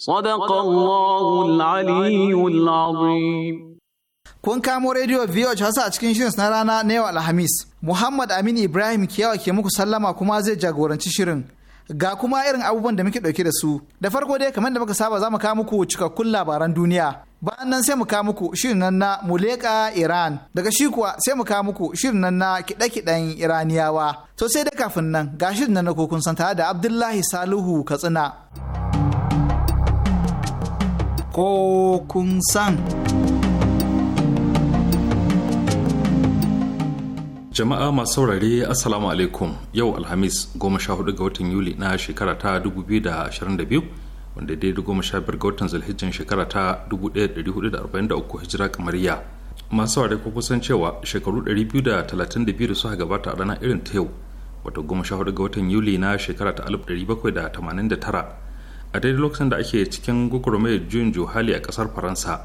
صدق الله العلي العظيم Kun kamo rediyo VOH Hausa a cikin shirin na rana na yau Alhamis. Muhammad Amin Ibrahim Kiyawa ke muku sallama kuma zai jagoranci shirin. Ga kuma irin abubuwan da muke ɗauke da su. Da farko dai kamar da muka saba za mu kawo muku cikakkun labaran duniya. Bayan nan sai mu kawo muku shirin nan na Muleka Iran. Daga shi kuwa sai mu kawo muku shirin nan na kiɗe-kiɗen Iraniyawa. To sai da kafin nan ga shirin nan na kokun santa da Abdullahi Salihu Katsina. ko kun san. Jama'a masu saurare Assalamu alaikum yau Alhamis 14 ga watan Yuli na shekara ta 2022 wanda daidai goma sha ga watan Zulhijjin shekara ta 1443 hijira kamariya. Masu saurare ko kusan cewa shekaru 232 da suka gabata a ranar irin ta yau wata goma sha hudu ga watan Yuli na shekara ta 1789 a daidai lokacin da ake cikin gugurmayar juyin juhali a kasar faransa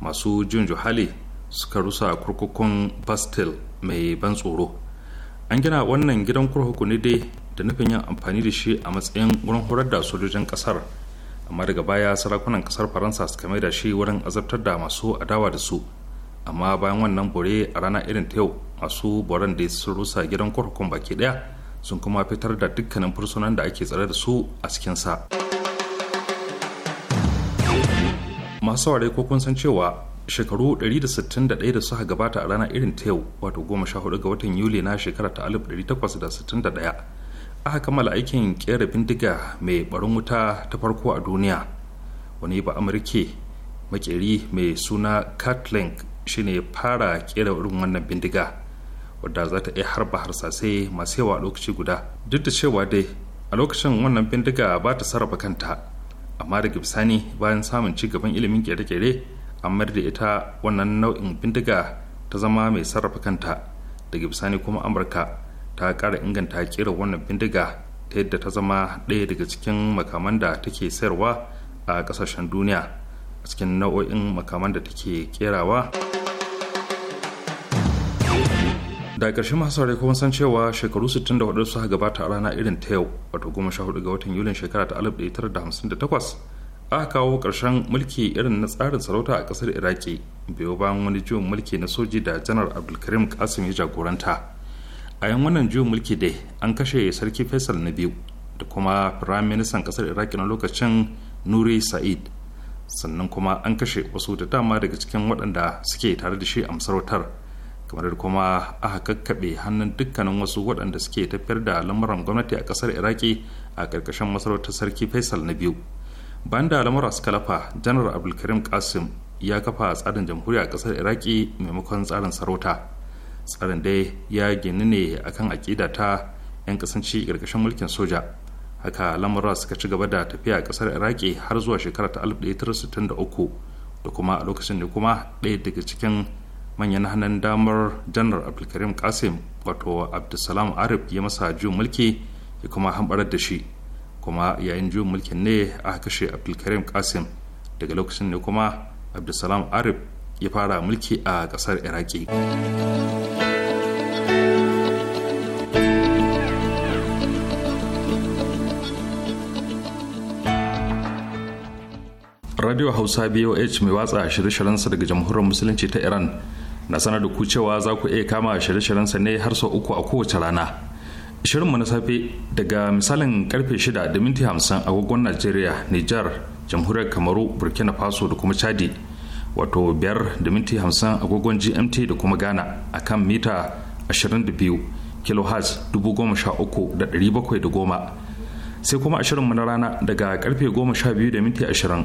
masu juyin juhali suka rusa kurkukun bastille mai ban tsoro an gina wannan gidan kurkuku ne dai da nufin yin amfani da shi a matsayin wurin horar da sojojin kasar amma daga baya sarakunan kasar faransa suka mai da shi wurin azabtar da masu adawa da su amma bayan wannan bore a rana irin ta yau masu boran da sun rusa gidan kurkukun baki daya sun kuma fitar da dukkanin fursunan da ake tsare da su a cikin sa masu saurare ko kun san cewa shekaru 161 da suka gabata a ranar irin ta yau wato 14 ga watan yuli na shekara ta 1861 aka kammala aikin kera bindiga mai barin wuta ta farko a duniya wani ba amurke makeri mai suna kathleen shine fara kera irin wannan bindiga wadda za ta iya harba harsasai masu yawa a lokaci guda duk da cewa dai a lokacin wannan bindiga ba ta sarrafa kanta amma daga bisani bayan samun ci gaban ilimin kere-kere amma mar da ita wannan nau'in bindiga ta zama mai sarrafa kanta daga bisani kuma amurka ta ƙara inganta kera wannan bindiga ta yadda ta zama ɗaya daga cikin makaman da take sayarwa a ƙasashen duniya a cikin nau'o'in makaman da take kerawa. da ƙarshen masu kuma san cewa shekaru 64 suka gabata a rana irin ta yau wato 14 ga watan yulin shekara ta 1958 aka kawo ƙarshen mulki irin na tsarin sarauta a ƙasar iraki biyo bayan wani juyin mulki na soji da janar abdulkarim kasim ya jagoranta a yan wannan juyin mulki dai an kashe sarki faisal na biyu da kuma firayim ministan ƙasar iraki na lokacin nuri sa'id sannan kuma an kashe wasu da dama daga cikin waɗanda suke tare da shi a masarautar kamar kuma aka kakkaɓe hannun dukkanin wasu waɗanda suke tafiyar da lamuran gwamnati a ƙasar iraki a ƙarƙashin masarautar sarki faisal na biyu bayan da lamura suka lafa janar abdulkarim kasim ya kafa tsarin jamhuriya a ƙasar iraki maimakon tsarin sarauta tsarin dai ya gini ne akan aƙida ta 'yan kasance ƙarƙashin mulkin soja haka lamura suka ci gaba da tafiya a ƙasar iraki har zuwa shekara ta 1963 da kuma a lokacin da kuma ɗaya daga cikin manyan hannun damar janar abdulkarim kasim wato abdulsalam arif ya masa juyin mulki ya kuma hambarar da shi kuma yayin juyin mulkin ne a kashe abdulkarim kasim daga lokacin ne kuma abdulsalam arif ya fara mulki a kasar iraki radio hausa boh mai watsa shirye-shiryensa daga jamhuriyar musulunci ta iran na sanar da ku cewa za ku iya kama shirye-shiryen sa ne har sau uku a kowace rana shirinmu na safe daga misalin karfe 6 da minti 50 agogon najeriya nijar jamhuriyar kamaru burkina faso da kuma chadi wato 5 da minti 50 agogon gmt da kuma ghana a kan mita 22 kilohertz goma sai kuma a mu na rana daga karfe 12 da minti 20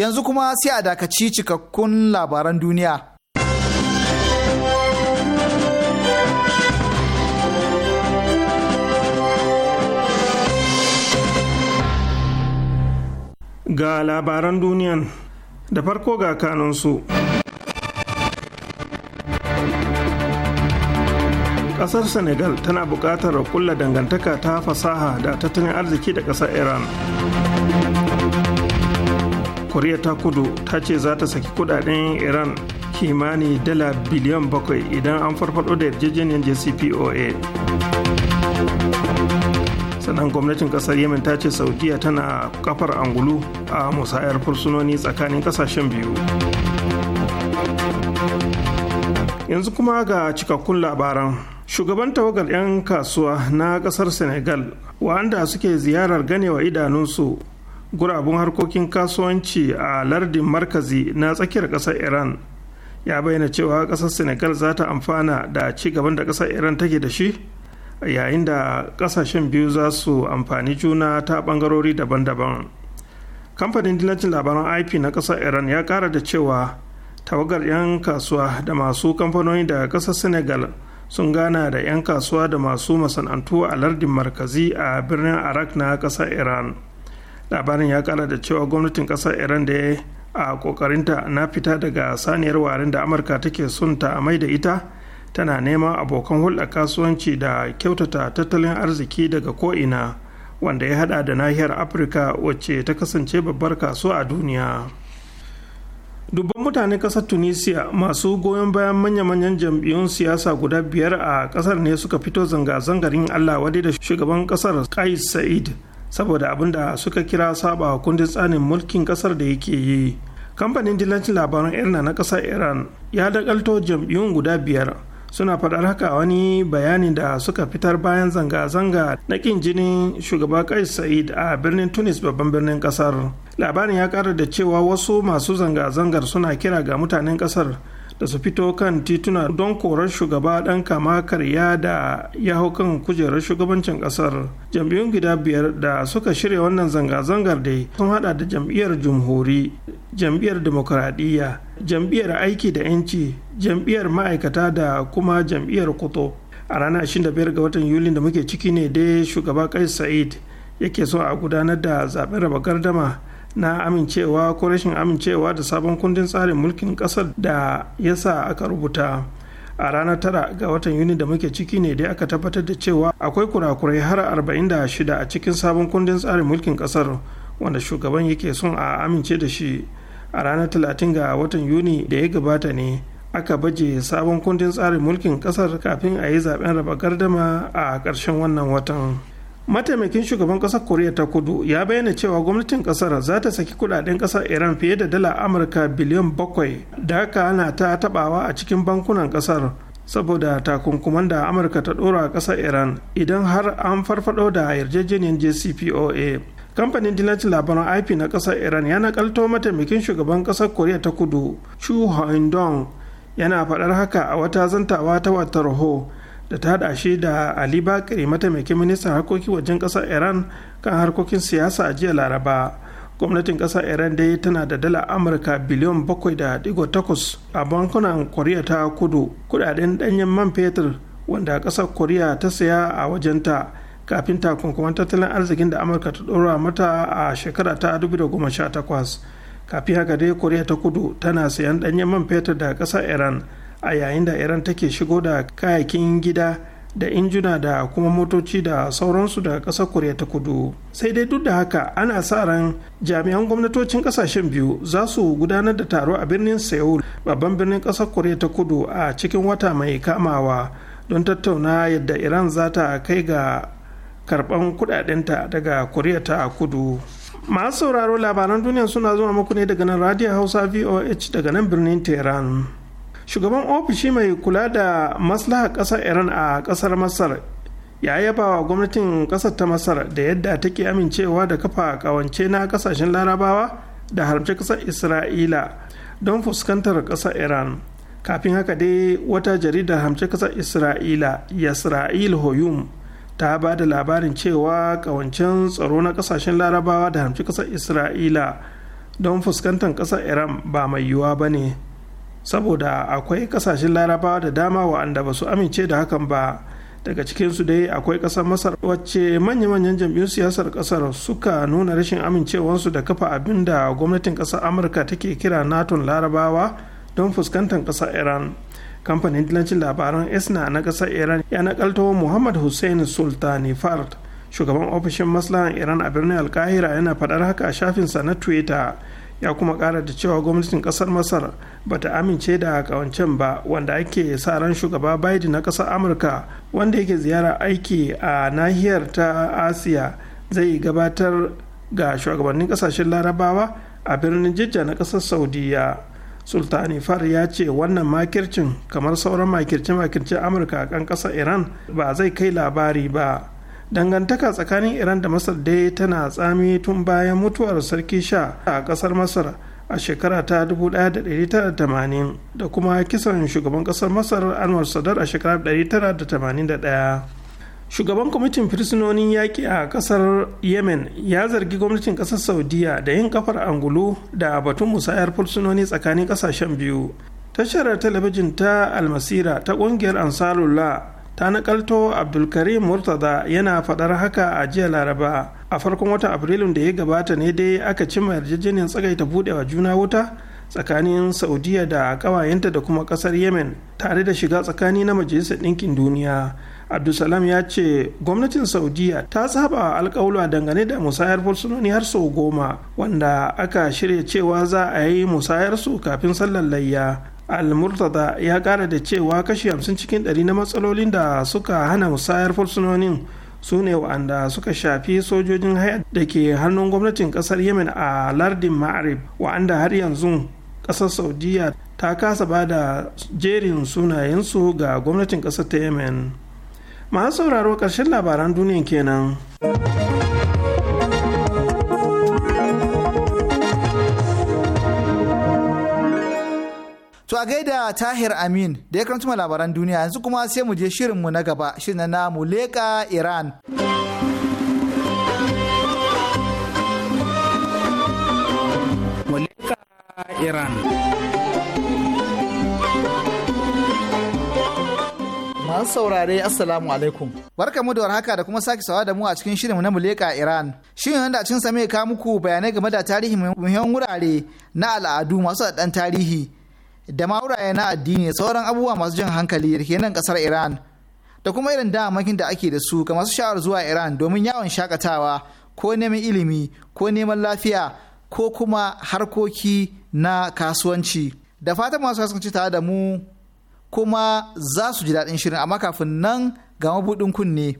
yanzu kuma sai a dakaci cikakkun labaran duniya. Ga labaran duniyan da farko ga kanunsu. Ƙasar Senegal tana buƙatar kulla dangantaka ta fasaha da tattalin arziki da ƙasar Iran. koriya ta kudu ta ce za ta saki kudaden iran kimani dala biliyan bakwai idan an farfado da yarjejeniyar jcpoa sannan gwamnatin kasar yemen ta ce saudiya tana kafar angulu a musayar fursunoni tsakanin kasashen biyu yanzu kuma ga cikakkun labaran shugaban tawagar 'yan kasuwa na kasar senegal wanda suke ziyarar ganewa idanunsu gurabun harkokin kasuwanci a lardin markazi na tsakiyar ƙasar iran ya bayyana cewa ƙasar senegal za ta amfana da ci gaban da ƙasar iran take da shi yayin da ƙasashen biyu za su amfani juna ta ɓangarori daban-daban kamfanin dillacin labaran ip na ƙasar iran ya kara da cewa tawagar 'yan kasuwa da masu kamfanoni da ƙasar senegal sun gana da 'yan kasuwa da masu masana'antu a lardin markazi a birnin arak na ƙasar iran labarin ya kara da cewa gwamnatin kasar iran da ya a kokarinta na fita daga saniyar warin da amurka take son ta mai da ita tana neman abokan hulɗa kasuwanci da kyautata tattalin arziki daga ko'ina wanda ya hada da nahiyar afirka wacce ta kasance babbar kasuwa a duniya dubban mutane kasar tunisia masu goyon bayan manya-manyan jam'iyyun siyasa guda biyar a kasar ne suka fito zanga-zangarin allah wadai da shugaban kasar kais sa'id saboda abin da suka kira saba kundin tsanin mulkin kasar da yake yi kamfanin dillancin labaran irna na kasar iran ya dakalto jam'iyyun guda biyar suna faɗar haka wani bayani da suka fitar bayan zanga-zanga na ƙin jinin shugaba kais sa'id a birnin tunis babban birnin kasar labarin ya ƙara da cewa wasu masu zanga-zangar suna kira ga mutanen kasar da su fito kan tituna don korar shugaba dan kama karya da ya hau kan kujerar shugabancin kasar. jam'iyyun gida biyar da suka shirya wannan zanga-zangar dai sun hada da jam'iyyar jumhuri jam'iyyar demokradiyya jam'iyyar aiki da 'yanci jam'iyyar ma'aikata da kuma jam'iyyar kuto a ranar 25 ga watan yulin da muke ciki ne dai shugaba kai sa'id yake so a gudanar da zaɓen raba gardama na amincewa ko rashin amincewa da sabon kundin tsarin mulkin kasar da ya sa aka rubuta a ranar tara ga watan yuni da muke ciki ne dai aka tabbatar da cewa akwai kurakurai har 46 a cikin sabon kundin tsarin mulkin kasar wanda shugaban yake son a amince da shi a ranar 30 ga watan yuni da ya gabata ne aka baje sabon kundin tsarin mulkin kasar kafin a yi zaben raba gardama a ƙarshen wannan watan. mataimakin shugaban kasar koriya ta kudu ya bayyana cewa gwamnatin kasar za ta saki kudaden kasar iran fiye da dala amurka biliyan bakwai da haka ana ta tabawa a cikin bankunan kasar saboda takunkuman da amurka ta dora a kasar iran idan har an farfado da yarjejeniyar jcpoa kamfanin dinacin labaran ip na kasar iran ya nakalto mataimakin shugaban kasar koriya ta kudu chu yana faɗar haka a wata zantawa ta watar da ta haɗa shi da ali bakari mataimakin ministan harkokin wajen ƙasar iran kan harkokin siyasa a jiya laraba gwamnatin ƙasar iran dai tana da dala amurka biliyon bakwai da 7.8 a bankunan koriya ta kudu kudaden ɗanyen man fetur wanda ƙasar koriya ta saya a wajenta kafin takunkuman tattalin arzikin da amurka ta ɗora mata a shekara ta 2018 kafin haka dai koriya ta kudu tana sayan ɗanyen man fetur da ƙasar iran a yayin da iran take shigo da kayakin gida da injuna da kuma motoci da sauransu da ƙasar koriya ta kudu sai dai duk da haka ana sa ran jami'an gwamnatocin ƙasashen biyu za su gudanar da taro a birnin seoul babban birnin ƙasar koriya ta kudu a cikin wata mai kamawa don tattauna yadda iran za ta kai ga karɓan kudadenta daga koriya ta kudu masu sauraro labaran duniya suna zuwa muku ne daga nan radio hausa voh daga nan birnin tehran shugaban ofishi mai kula da maslaha ƙasar iran a ƙasar masar ya yaba wa gwamnatin ƙasar ta masar da yadda take amincewa da kafa ƙawance na ƙasashen larabawa da haramce ƙasar isra'ila don fuskantar kasar iran kafin haka dai wata jaridar hamce ƙasar isra'ila yasra'il hoyum ta ba da labarin cewa ƙawancen tsaro na ƙasashen larabawa da hamci ƙasar isra'ila don fuskantar ƙasar iran ba mai yiwuwa ba ne saboda akwai kasashen larabawa da dama wa'anda ba su amince da hakan ba daga cikinsu dai akwai ƙasar masar wacce manya-manyan jam'iyyun siyasar ƙasar suka nuna rashin amincewarsu da kafa abin da gwamnatin ƙasar amurka take kira naton larabawa don fuskantar ƙasar iran kamfanin dillancin labaran isna na ƙasar iran ya nakalto muhammad hussein sultani fard shugaban ofishin maslahan iran a birnin alkahira yana faɗar haka a shafinsa na twitter ya kuma kara da cewa gwamnatin kasar masar ba ta amince da kawancen ba wanda ake sa ran shugaba biden na kasar amurka wanda yake ziyara aiki a nahiyar ta asiya zai gabatar ga shugabannin kasashen larabawa a birnin jijja na kasar saudiya sultani far ya ce wannan makircin kamar sauran makirce-makirce amurka kan kasar iran ba zai kai labari ba dangantaka tsakanin iran da masar dai tana tsami tun bayan mutuwar sarki sha a kasar masar a shekara ta 1980 da kuma kisan shugaban kasar masar anwar sadar a shekara 1981 shugaban kwamitin fursunonin yaƙi a ƙasar yemen ya zargi gwamnatin ƙasar saudiya da yin ƙafar angulu da batun musayar fursunoni tsakanin ƙasashen biyu tashar talabijin ta almasira ta ƙungiyar ansarullah ta nakalto abdulkarim murtada yana faɗar haka a jiya laraba a farkon watan afrilun da ya gabata ne dai aka cimma yarjejeniyar tsagaita wa juna wuta tsakanin saudiya da ƙawayenta da kuma ƙasar yemen tare da shiga tsakani na majalisar ɗinkin duniya abdulsalam ya ce gwamnatin saudiya ta saba alkawula dangane da musayar fursunoni har sau goma wanda aka shirya cewa za a yi musayar su kafin sallar layya al ya kara da cewa kashi 50 cikin 100 na matsalolin da suka hana musayar fursunonin su ne wa'anda suka shafi sojojin haya da ke hannun gwamnatin kasar yemen a lardin ma'arib wa'anda har yanzu kasar saudiya ta kasa ba da jerin sunayensu ga gwamnatin kasar ta yemen masu sauraro ƙarshen labaran duniya kenan. To a gaida Tahir Amin da ya karanta labaran duniya yanzu kuma sai mu je shirinmu na gaba shirin na Muleka Iran. Iran. Masu saurare Assalamu alaikum. Barka mu da warhaka da kuma sake sawa da mu a cikin mu na Muleka Iran. Shirin wanda a cikin sa mai kawo muku bayanai game da tarihi muhimman wurare na al'adu masu da tarihi. da mawuraye na addini sauran abubuwa masu jan hankali da ke nan kasar iran da kuma irin damakin da ake da su ga masu sha'awar zuwa iran domin yawon shakatawa ko neman ilimi ko neman lafiya ko kuma harkoki na kasuwanci da fatan masu kasance tare da mu kuma za su ji daɗin shirin amma kafin nan ga mabuɗin kunne.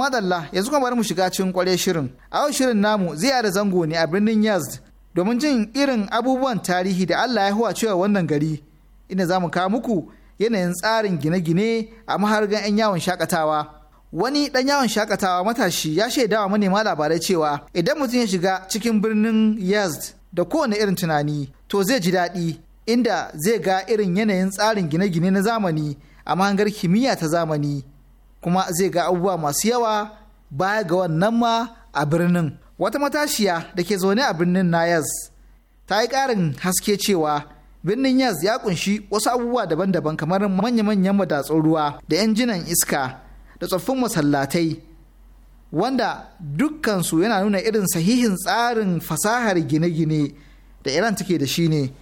madalla yanzu kuma bari mu shiga cikin kware shirin. A yau shirin namu zai da zango ne a birnin Yazd domin jin irin abubuwan tarihi da Allah ya huwa cewa wannan gari. inda za mu kawo muku yanayin tsarin gine-gine a maharagan 'yan yawon shakatawa. Wani ɗan yawon shakatawa matashi ya shaidawa manema labarai cewa idan mutum ya shiga cikin birnin Yazd da kowane irin tunani to zai ji daɗi inda zai ga irin yanayin tsarin gine-gine na zamani a mahangar kimiyya ta zamani. kuma zai ga abubuwa masu yawa baya ga wannan ma a birnin wata matashiya da ke zaune a birnin na yaz ta yi ƙarin haske cewa birnin yaz ya kunshi wasu abubuwa daban-daban kamar manya-manyan madatsun ruwa da injinan iska da tsoffin masallatai wanda dukkansu yana nuna irin sahihin tsarin fasahar gine-gine da iran take da shi ne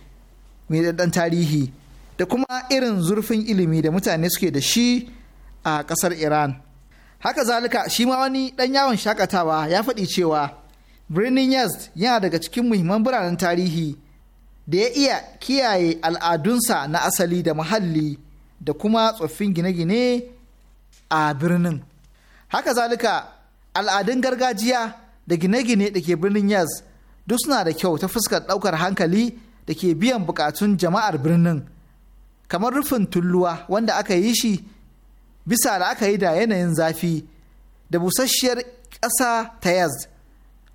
mai tarihi da kuma irin zurfin ilimi da mutane suke da shi a ƙasar Iran. Haka zalika shi ma wani ɗan yawon shakatawa ya faɗi cewa birnin Yazd yana daga cikin muhimman biranen tarihi da ya iya kiyaye al'adunsa na asali da muhalli da kuma tsoffin gine-gine a birnin. Haka zalika al'adun gargajiya da gine-gine da ke birnin Yazd duk suna da kyau ta fuskar ɗaukar hankali da ke biyan buƙatun jama'ar birnin. Kamar rufin tulluwa wanda aka yi shi bisa la'akari da yanayin zafi da busasshiyar ƙasa ta yaz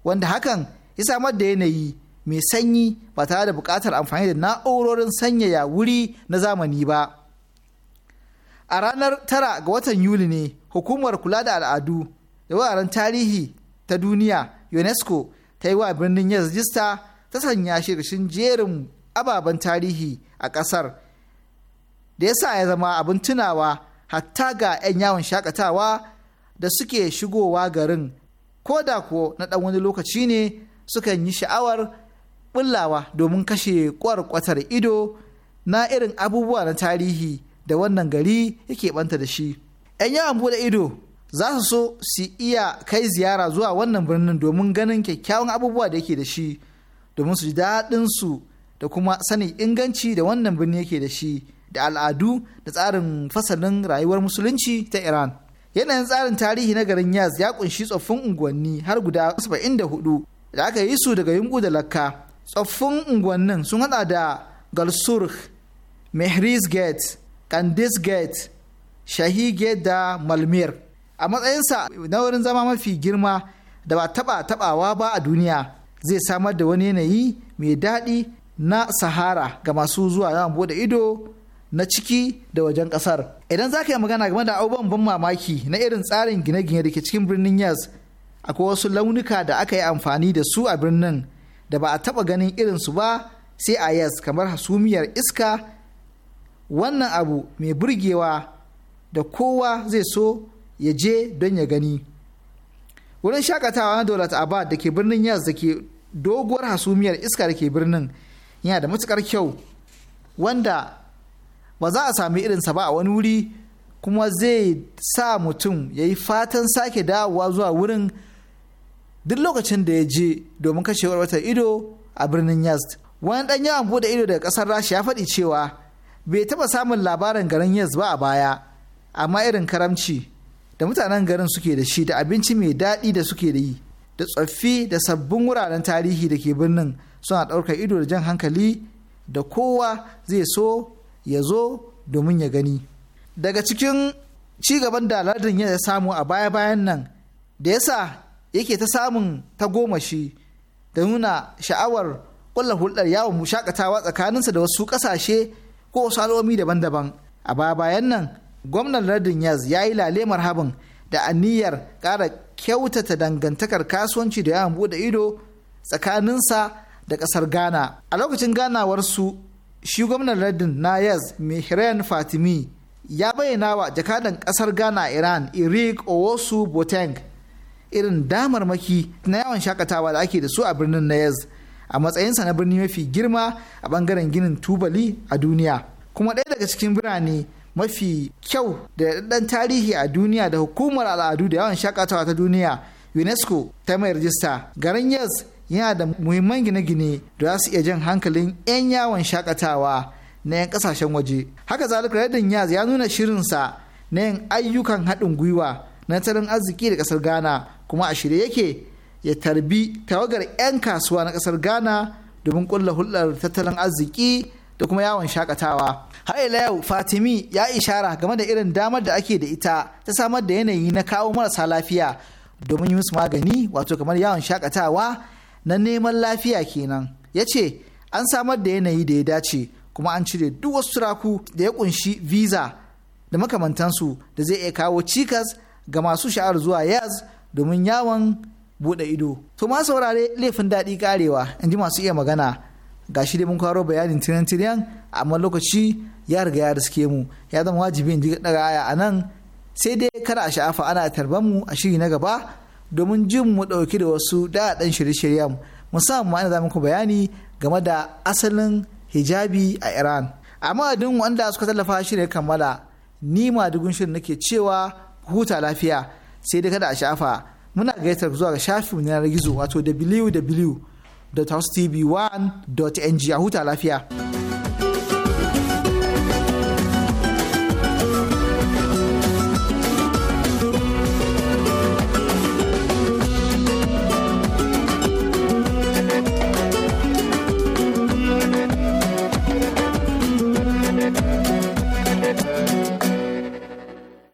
wanda hakan ya samar da yanayi mai sanyi ba tare da buƙatar amfani da na'urorin sanyaya wuri na zamani ba a ranar tara ga watan yuli ne hukumar kula da al'adu da wuraren tarihi ta duniya unesco ta yi wa birnin yaz rajista ta sanya shirishin jerin ababen tarihi a ƙasar da ya sa ya zama abin tunawa hatta ga 'yan yawon shakatawa da suke shigowa garin ko da ko na ɗan wani lokaci ne sukan yi sha'awar bullawa domin kashe kwarkwatar ido na irin abubuwa na tarihi da wannan gari yake banta da shi. 'Yan yawon bude ido za su so su iya kai ziyara zuwa wannan birnin domin ganin kyakkyawan abubuwa da yake da shi domin su ji daɗinsu da kuma sanin inganci da wannan birni yake da shi da al'adu da tsarin fasalin rayuwar musulunci ta Iran. Yanayin tsarin tarihi na garin Yaz ya kunshi tsoffin unguwanni har guda 74 da aka yi su daga yungu da lakka. Tsoffin unguwannin sun hada da Galsurk, Mehriz Gate, Kandis Gate, Shahi Gate da Malmir. A matsayinsa na wurin zama mafi girma da ba taba tabawa ba a duniya zai samar da wani yanayi mai daɗi na sahara ga masu zuwa yawan bude ido na ciki da wajen kasar idan za ka yi magana game da abubuwan ban mamaki na irin tsarin gine-gine da ke cikin birnin yaz akwai wasu launuka da aka yi amfani da su a birnin da ba a taba ganin irin su ba sai a yaz kamar hasumiyar iska wannan abu mai burgewa da kowa zai so ya je don ya gani wurin shakatawa na dolat abad da ke birnin yaz da ke doguwar hasumiyar iska da ke birnin yana da matukar kyau wanda ba za a sami irinsa ba a wani wuri kuma zai sa mutum ya yi fatan sake dawowa zuwa wurin duk lokacin da ya je domin kashewar wata ido a birnin yast wani dan yawan bude ido daga kasar rasha ya faɗi cewa bai taɓa samun labarin garin yast ba a baya amma irin karamci da mutanen garin suke da shi da abinci mai daɗi da suke da yi da tsoffi da sabbin wuraren tarihi da ke birnin suna ɗaukar ido da jan hankali da kowa zai so ya zo domin ya gani daga cikin ci gaban da lardin ya samu a baya-bayan nan da yasa yake ta samun ta goma shi da nuna sha'awar ƙulla hulɗar yawon shakatawa tsakaninsa da wasu ƙasashe ko wasu al'ummi daban-daban a baya-bayan nan gwamnan lardin yaz ya yi lalemar habin da aniyar ƙara kyautata dangantakar kasuwanci da yawon buɗe ido tsakaninsa da ƙasar ghana a lokacin ganawarsu shi gwamnan lardin na yas mihran fatimi ya bayyana wa jakadan kasar ghana iran irik owosu boteng irin damar maki na yawan shakatawa da ake da su a birnin na yas a matsayinsa na birni mafi girma a bangaren ginin tubali a duniya kuma ɗaya daga cikin birane mafi kyau da ɗan tarihi a duniya da hukumar al'adu da yawan shakatawa ta duniya unesco ta mai rajista garin yes yana da muhimman gine-gine da za su iya jan hankalin 'yan yawon shakatawa na 'yan kasashen waje haka zalika Redding yaz ya nuna shirinsa na yin ayyukan haɗin gwiwa na tattalin arziki da ƙasar ghana kuma a shirye yake ya tarbi tawagar 'yan kasuwa na ƙasar ghana domin ƙulla hulɗar tattalin arziki da kuma yawon shakatawa har ila yau fatimi ya ishara game da irin damar da ake da ita ta samar da yanayi na kawo marasa lafiya domin yi musu magani wato kamar yawon shakatawa na neman lafiya kenan ya ce an samar da yanayi da ya dace kuma an cire duk wasu turaku da ya kunshi visa da makamantansu da zai iya kawo cikas ga masu sha'ar zuwa yaz domin yawon bude ido to ma saurare laifin daɗi karewa in ji masu iya magana ga shi dai mun kwaro bayanin tiriyan tiriyan amma lokaci ya riga ya riske mu ya zama wajibi in ji daga aya a nan sai dai kar a sha'afa ana tarbar mu a shiri na gaba domin jin mu ɗauki da wasu daɗaɗɗen shirye-shiryen musamman ana za muku bayani game da asalin hijabi a iran a madadin wanda suka tallafa shi ne kammala ni madugun shirin nake cewa huta lafiya sai dai kada a shafa muna gaitar zuwa ga shafin na gizo wato www.housetv1.ng a huta lafiya.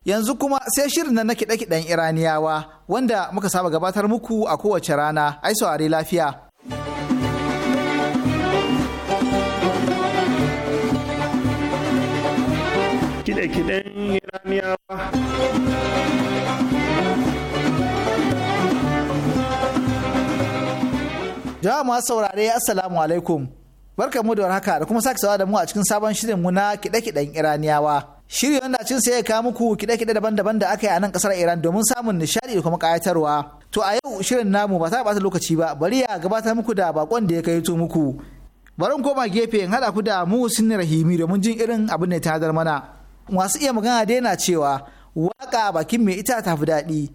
yanzu kuma sai shirin na kiɗe-kiɗen iraniyawa wanda muka saba gabatar muku a kowace rana ai saurari lafiya kiɗe-kiɗen iraniyawa Jama'a masu saurare Assalamu alaikum. Barkamu da warhaka da kuma sake sawa da mu a cikin sabon shirin mu na kiɗe-kiɗen Iraniyawa. Shiri wanda cin sai ya kawo muku kide-kide daban-daban da aka yi a nan kasar Iran domin samun nishadi da kuma kayatarwa. To a yau shirin namu ba ta bata lokaci ba bari ya gabatar muku da bakon da ya kai to muku. Bari mu koma gefe in haɗa ku da Muhsin Rahimi domin jin irin abin da ta hadar mana. Masu iya magana daina cewa waƙa bakin mai ita ta fi daɗi.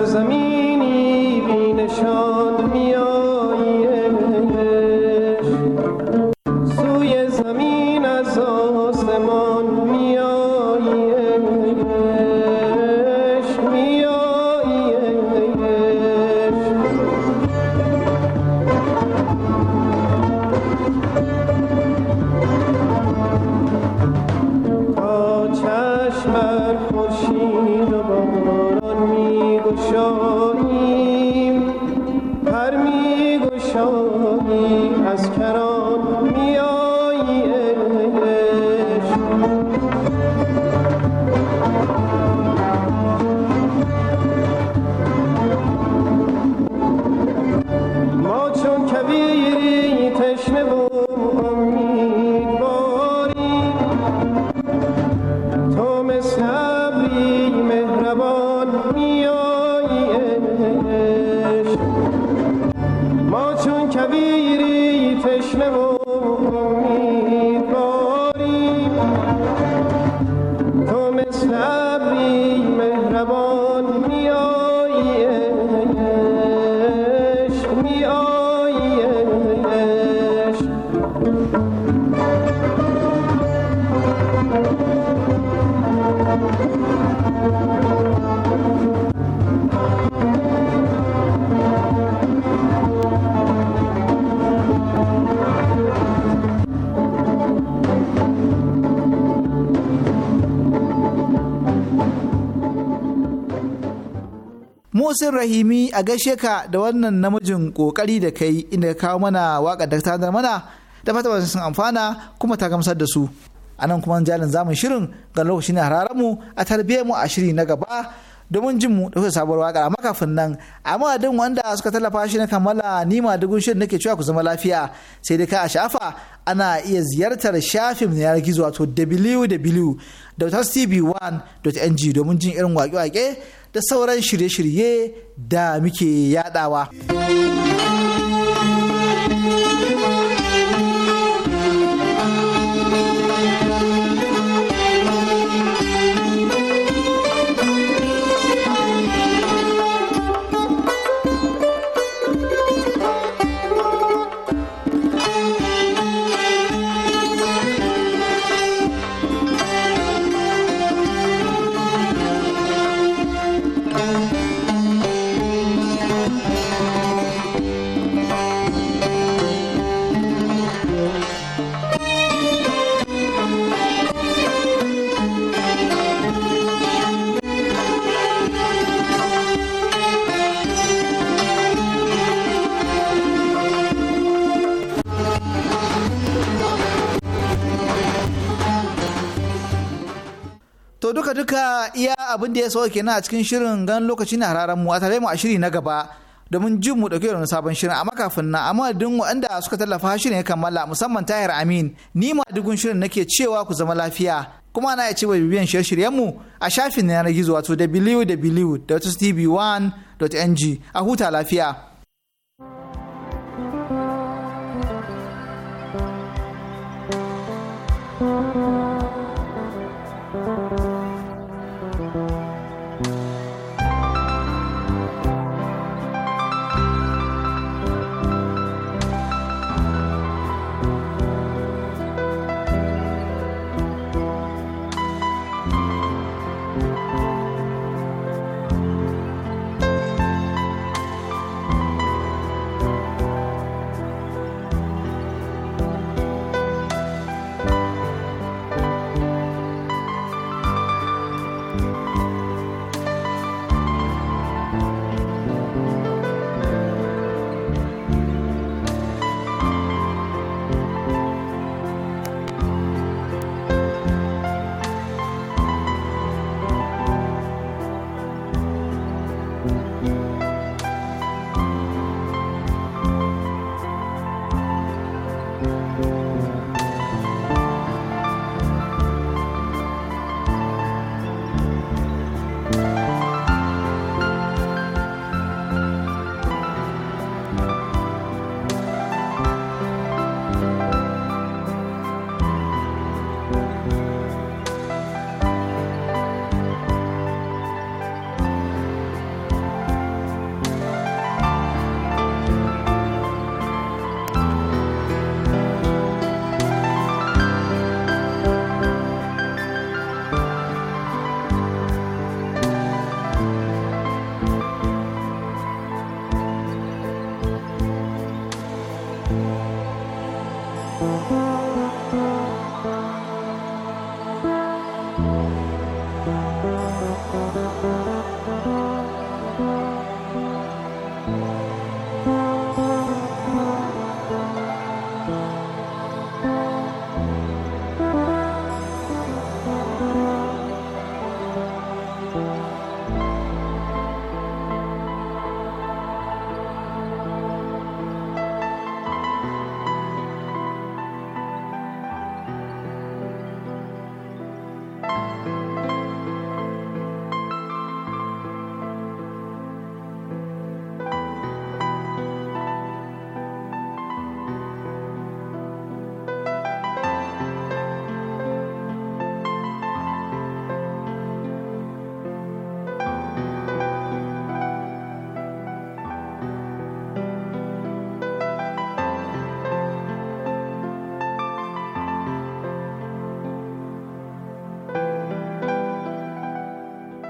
quiseres a mim musin rahimi a gaishe ka da wannan namijin kokari da kai inda ka kawo mana waka da ta mana da fata sun amfana kuma ta gamsar da su a nan kuma jalin zamun shirin ga lokacin hararar mu a tarbiyyar mu a shiri na gaba domin jin mu da sabuwar waka amma kafin nan a madadin wanda suka tallafa shi na kammala nima dugun shirin nake cewa ku zama lafiya sai dai ka a shafa ana iya ziyartar shafin na yanar gizo wato www.tv1.ng domin jin irin waƙe-waƙe da sauran shirye-shirye da muke yadawa. duka iya abin da ya sauke kenan a cikin shirin gan lokaci na hararen mu a tare mu a shiri na gaba domin jin mu dauke da wani sabon shirin amma kafin na amma duk waɗanda suka tallafa shirin ya kammala musamman tahir amin ni ma dugun shirin nake cewa ku zama lafiya kuma ana iya cewa bibiyan shirye-shiryen mu a shafin na yanar gizo wato www.tv1.ng a huta lafiya.